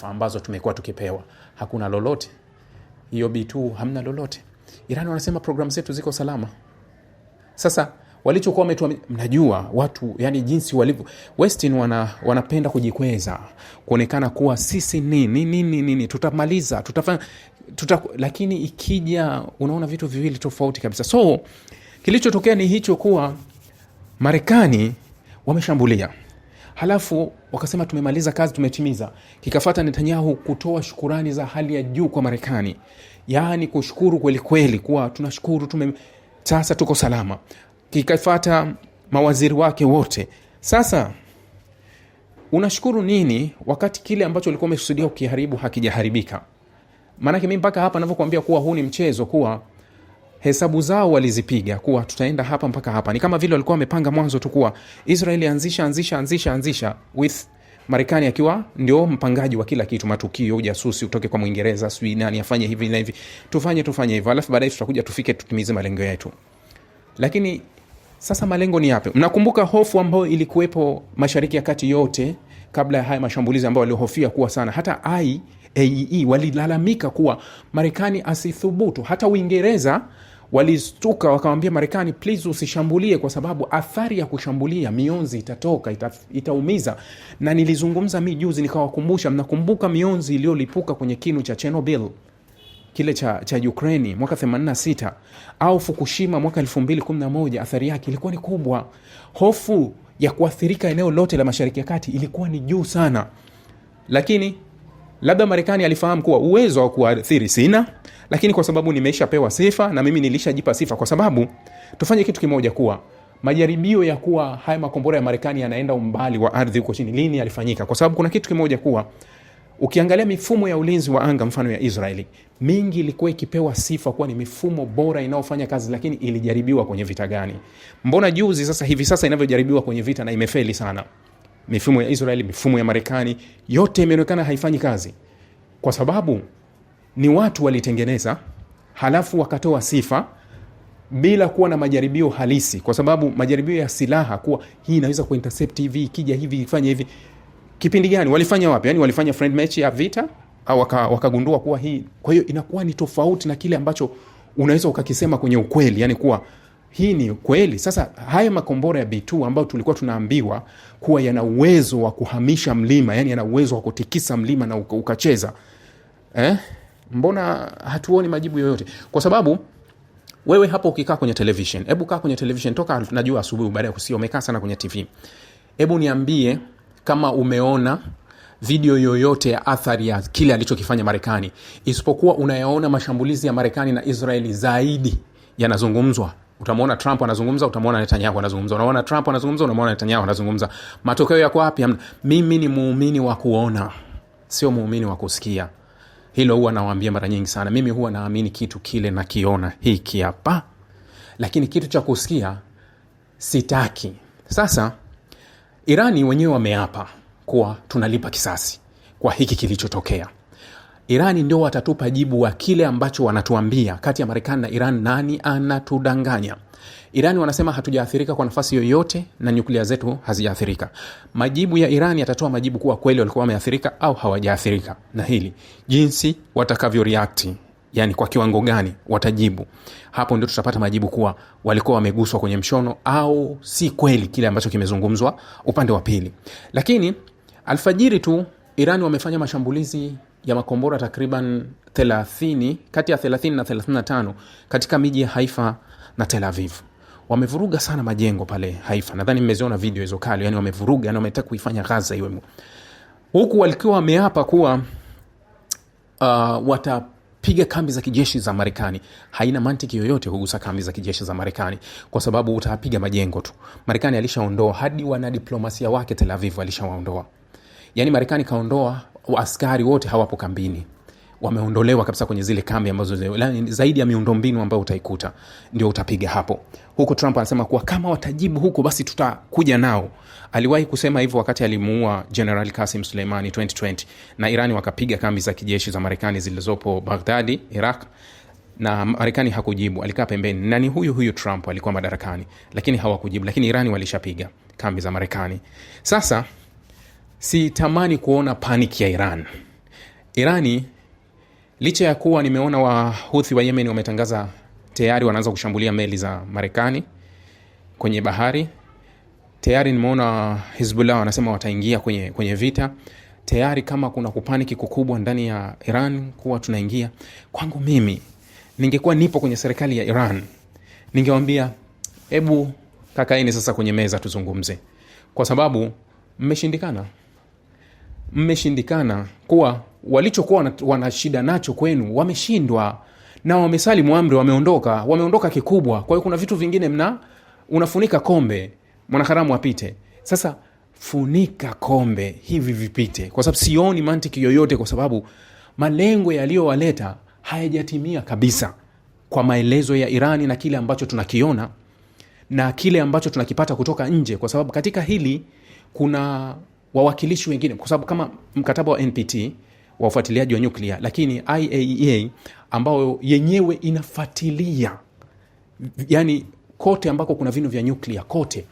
taarifa ambazo tumekuwa tukipewa, hakuna lolote. Hiyo b hamna lolote. Iran wanasema programu zetu ziko salama. Sasa walichokuwa wametua, mnajua watu yani jinsi walivyo Westin wana, wanapenda kujikweza kuonekana kuwa sisi nini nini nini, tutamaliza tutafanya tuta, lakini ikija unaona vitu viwili tofauti kabisa. So kilichotokea ni hicho kuwa Marekani wameshambulia Halafu wakasema tumemaliza kazi, tumetimiza. Kikafata Netanyahu kutoa shukurani za hali ya juu kwa Marekani, yaani kushukuru kwelikweli kuwa tunashukuru tume, sasa tuko salama. Kikafata mawaziri wake wote. Sasa unashukuru nini wakati kile ambacho ulikuwa umekusudia ukiharibu hakijaharibika? Maanake mi mpaka hapa navyokuambia kuwa huu ni mchezo kuwa hesabu zao walizipiga kuwa tutaenda hapa mpaka hapa. Ni kama vile walikuwa wamepanga mwanzo tu kuwa israel anzisha anzisha anzisha anzisha with Marekani akiwa ndio mpangaji wa kila kitu, matukio, ujasusi utoke kwa Mwingereza, sijui nani afanye hivi na hivi, tufanye tufanye hivyo, alafu baadaye tutakuja tufike tutimize malengo yetu. Lakini sasa malengo ni yapi? Mnakumbuka hofu ambayo ilikuwepo Mashariki ya Kati yote kabla ya haya mashambulizi ambayo waliohofia kuwa sana, hata IAEA e walilalamika kuwa Marekani asithubutu, hata Uingereza walistuka wakawambia Marekani, please usishambulie, kwa sababu athari ya kushambulia mionzi itatoka ita, itaumiza. Na nilizungumza mi juzi nikawakumbusha, mnakumbuka mionzi iliyolipuka kwenye kinu cha Chernobyl kile cha, cha Ukraini mwaka 86 au Fukushima mwaka 211 athari yake ilikuwa ni kubwa. Hofu ya kuathirika eneo lote la Mashariki ya Kati ilikuwa ni juu sana, lakini Labda Marekani alifahamu kuwa uwezo wa kuathiri sina, lakini kwa sababu nimeshapewa sifa na mimi nilishajipa sifa, kwa sababu tufanye kitu kimoja, kuwa majaribio ya kuwa haya makombora ya Marekani yanaenda umbali wa ardhi huko chini lini yalifanyika? Kwa sababu kuna kitu kimoja kuwa ukiangalia mifumo ya ulinzi wa anga mfano ya Israeli mingi ilikuwa ikipewa sifa kuwa ni mifumo bora inayofanya kazi, lakini ilijaribiwa kwenye vita gani? Mbona juzi sasa hivi sasa inavyojaribiwa kwenye vita na imefeli sana? mifumo ya Israeli, mifumo ya Marekani, yote imeonekana haifanyi kazi, kwa sababu ni watu walitengeneza, halafu wakatoa sifa bila kuwa na majaribio halisi, kwa sababu majaribio ya silaha kuwa hii inaweza kuintercept hivi, ikija hivi, ifanye hivi. Kipindi gani walifanya wapi? Yani walifanya friend match ya vita au wakagundua waka kuwa hii? Kwa hiyo inakuwa ni tofauti na kile ambacho unaweza ukakisema kwenye ukweli, yani kuwa hii ni kweli. Sasa haya makombora ya B2 ambayo tulikuwa tunaambiwa kuwa yana uwezo wa kuhamisha mlima, yani yana uwezo wa kutikisa mlima na ukacheza eh? Mbona hatuoni majibu yoyote? Kwa sababu wewe hapo ukikaa kwenye television, hebu kaa kwenye television toka, najua asubuhi baada ya kusia umekaa sana kwenye TV. Hebu niambie kama umeona video yoyote ya athari ya kile alichokifanya Marekani, isipokuwa unayaona mashambulizi ya Marekani na Israeli zaidi yanazungumzwa utamwona trump anazungumza utamwona netanyahu anazungumza unaona trump anazungumza unamwona netanyahu anazungumza matokeo yako wapi mimi ni muumini wa kuona sio muumini wa kusikia hilo huwa nawaambia mara nyingi sana mimi huwa naamini kitu kile nakiona hiki hapa lakini kitu cha kusikia sitaki sasa irani wenyewe wameapa kuwa tunalipa kisasi kwa hiki kilichotokea Irani ndio watatupa jibu wa kile ambacho wanatuambia, kati ya Marekani na Iran nani anatudanganya? Irani wanasema hatujaathirika kwa nafasi yoyote na nyuklia zetu hazijaathirika. Majibu ya Irani yatatoa majibu kuwa kweli walikuwa wameathirika au hawajaathirika, na hili jinsi watakavyo react, yani kwa kiwango gani watajibu, hapo ndio tutapata majibu kuwa walikuwa wameguswa kwenye mshono au si kweli kile ambacho kimezungumzwa upande wa pili. Lakini alfajiri tu Irani wamefanya mashambulizi ya makombora takriban 30 kati ya 30 na 35 katika miji ya Haifa na Tel Aviv. Wamevuruga sana majengo pale Haifa, nadhani mmeziona video hizo kali, yani wamevuruga, yani wametaka kuifanya Gaza iwe huku, walikuwa wameapa kuwa uh, wata piga kambi za kijeshi za Marekani. Haina mantiki yoyote kugusa kambi za kijeshi za Marekani kwa sababu utapiga majengo tu. Marekani alishaondoa hadi wanadiplomasia wake Tel Aviv alishawaondoa. Yaani Marekani kaondoa askari wote hawapo kambini wameondolewa kabisa kwenye zile kambi ambazo zaidi ya miundombinu ambayo utaikuta ndio utapiga hapo huko. Trump anasema kuwa kama watajibu huko, basi tutakuja nao. Aliwahi kusema hivyo wakati alimuua General Kasim Suleimani 2020 na Irani wakapiga kambi za kijeshi za Marekani zilizopo Baghdadi, Iraq na Marekani hakujibu, alikaa pembeni, na ni huyu huyu Trump alikuwa madarakani, lakini hawakujibu, lakini Irani walishapiga kambi za Marekani sasa sitamani kuona panic ya Iran. Irani licha ya kuwa nimeona wahuthi wa Yemen wametangaza tayari wanaanza kushambulia meli za Marekani kwenye bahari tayari, nimeona Hizbullah wanasema wataingia kwenye, kwenye vita tayari. Kama kuna kupaniki kukubwa ndani ya Iran kuwa tunaingia, kwangu mimi ningekuwa nipo kwenye serikali ya Iran ningewambia, hebu kakaini sasa kwenye meza tuzungumze, kwa sababu mmeshindikana mmeshindikana, kuwa walichokuwa wana shida nacho kwenu wameshindwa na wamesalimu amri, wameondoka, wameondoka kikubwa. Kwa hiyo kuna vitu vingine mna unafunika kombe, mwanaharamu apite. Sasa funika kombe hivi vipite, kwa sababu sioni mantiki yoyote, kwa sababu malengo yaliyowaleta hayajatimia kabisa kwa maelezo ya Irani na kile ambacho tunakiona na kile ambacho tunakipata kutoka nje, kwa sababu katika hili kuna wawakilishi wengine, kwa sababu kama mkataba wa NPT wa ufuatiliaji wa nyuklia, lakini IAEA ambayo yenyewe inafuatilia yani kote ambako kuna vinu vya nyuklia kote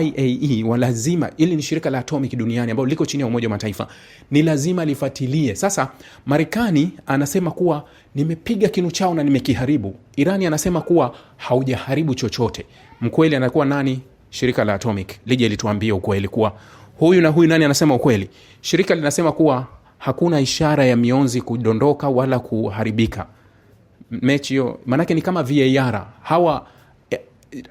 IAE walazima ili ni shirika la atomic duniani ambayo liko chini ya Umoja wa Mataifa, ni lazima lifuatilie. Sasa Marekani anasema kuwa nimepiga kinu chao na nimekiharibu. Irani anasema kuwa haujaharibu chochote. Mkweli anakuwa nani? Shirika la atomic lije lituambie ukweli kuwa huyu na huyu nani anasema ukweli? Shirika linasema kuwa hakuna ishara ya mionzi kudondoka wala kuharibika mechi hiyo, maanake ni kama VAR hawa eh,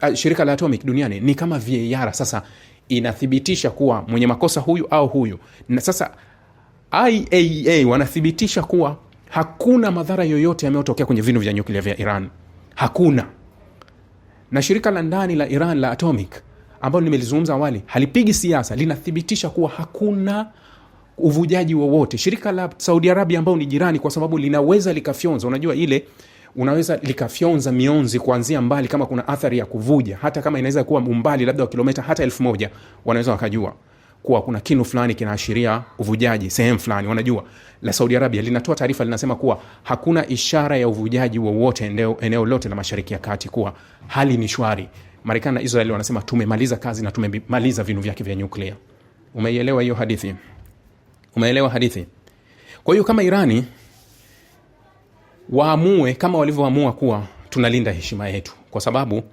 eh, shirika la Atomic duniani ni kama VAR. Sasa inathibitisha kuwa mwenye makosa huyu au huyu, na sasa iaa wanathibitisha kuwa hakuna madhara yoyote yameyotokea kwenye vinu vya nyuklia vya Iran, hakuna. Na shirika la ndani la Iran la Atomic ambalo nimelizungumza awali halipigi siasa, linathibitisha kuwa hakuna uvujaji wowote. Shirika la Saudi Arabia ambao ni jirani, kwa sababu linaweza likafyonza, unajua ile unaweza likafyonza mionzi kuanzia mbali, kama kuna athari ya kuvuja, hata kama inaweza kuwa umbali labda wa kilometa hata elfu moja wanaweza wakajua kuwa kuna kinu fulani kinaashiria uvujaji sehemu fulani. Wanajua la Saudi Arabia linatoa taarifa linasema kuwa hakuna ishara ya uvujaji wowote eneo lote la Mashariki ya Kati, kuwa hali ni shwari. Marekani na Israel wanasema tumemaliza kazi na tumemaliza vinu vyake vya nyuklia. Umeielewa hiyo hadithi? Umeelewa hadithi? Kwa hiyo kama Irani waamue kama walivyoamua kuwa tunalinda heshima yetu, kwa sababu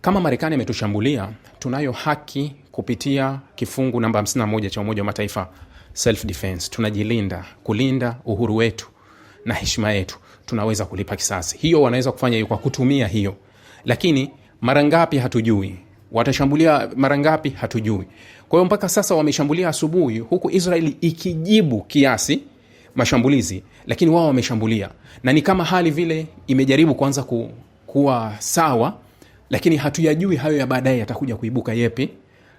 kama Marekani ametushambulia, tunayo haki kupitia kifungu namba 51 cha Umoja wa Mataifa self defense, tunajilinda, kulinda uhuru wetu na heshima yetu, tunaweza kulipa kisasi. Hiyo wanaweza kufanya hiyo kwa kutumia hiyo, lakini mara ngapi hatujui, watashambulia mara ngapi hatujui. Kwa hiyo mpaka sasa wameshambulia asubuhi, huku Israeli ikijibu kiasi mashambulizi, lakini wao wameshambulia, na ni kama hali vile imejaribu kuanza ku, kuwa sawa, lakini hatuyajui hayo ya baadaye yatakuja kuibuka yepi.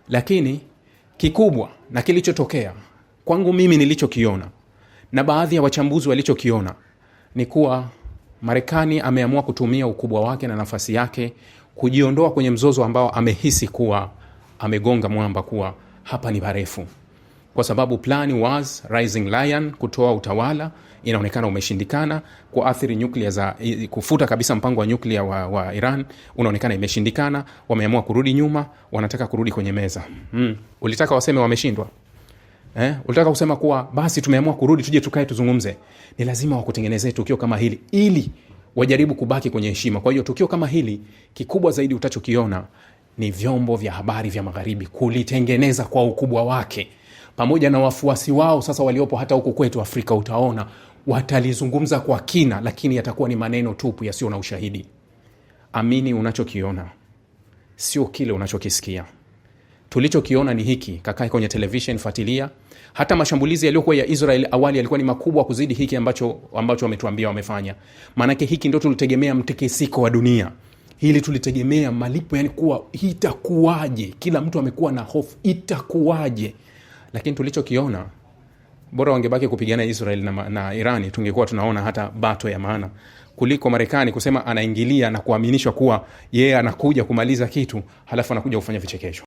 Lakini kikubwa na kilichotokea kwangu mimi nilichokiona na baadhi ya wachambuzi walichokiona ni kuwa Marekani ameamua kutumia ukubwa wake na nafasi yake kujiondoa kwenye mzozo ambao amehisi kuwa amegonga mwamba kuwa hapa ni parefu, kwa sababu plani was Rising Lion kutoa utawala inaonekana umeshindikana. Kuathiri nyuklia za kufuta kabisa mpango wa nyuklia wa, wa Iran unaonekana imeshindikana. Wameamua kurudi nyuma, wanataka kurudi kwenye meza mm. Ulitaka waseme wameshindwa eh? Ulitaka kusema kuwa basi tumeamua kurudi, tuje tukae tuzungumze. Ni lazima wakutengenezee tukio kama hili ili wajaribu kubaki kwenye heshima. Kwa hiyo tukio kama hili, kikubwa zaidi utachokiona ni vyombo vya habari vya magharibi kulitengeneza kwa ukubwa wake, pamoja na wafuasi wao sasa waliopo hata huku kwetu Afrika, utaona watalizungumza kwa kina, lakini yatakuwa ni maneno tupu yasiyo na ushahidi. Amini unachokiona, sio kile unachokisikia tulichokiona ni hiki, kakae kwenye televishen, fuatilia. Hata mashambulizi yaliyokuwa ya Israel awali yalikuwa ni makubwa kuzidi hiki ambacho ambacho wametuambia wamefanya. Maanake hiki ndo tulitegemea mtekesiko wa dunia, hili tulitegemea malipo, yani kuwa itakuwaje? Kila mtu amekuwa na hofu, itakuwaje? Lakini tulichokiona bora wangebaki kupigana Israel na, na Irani tungekuwa tunaona hata bato ya maana kuliko Marekani kusema anaingilia na kuaminishwa kuwa yeye yeah, anakuja kumaliza kitu halafu anakuja kufanya vichekesho.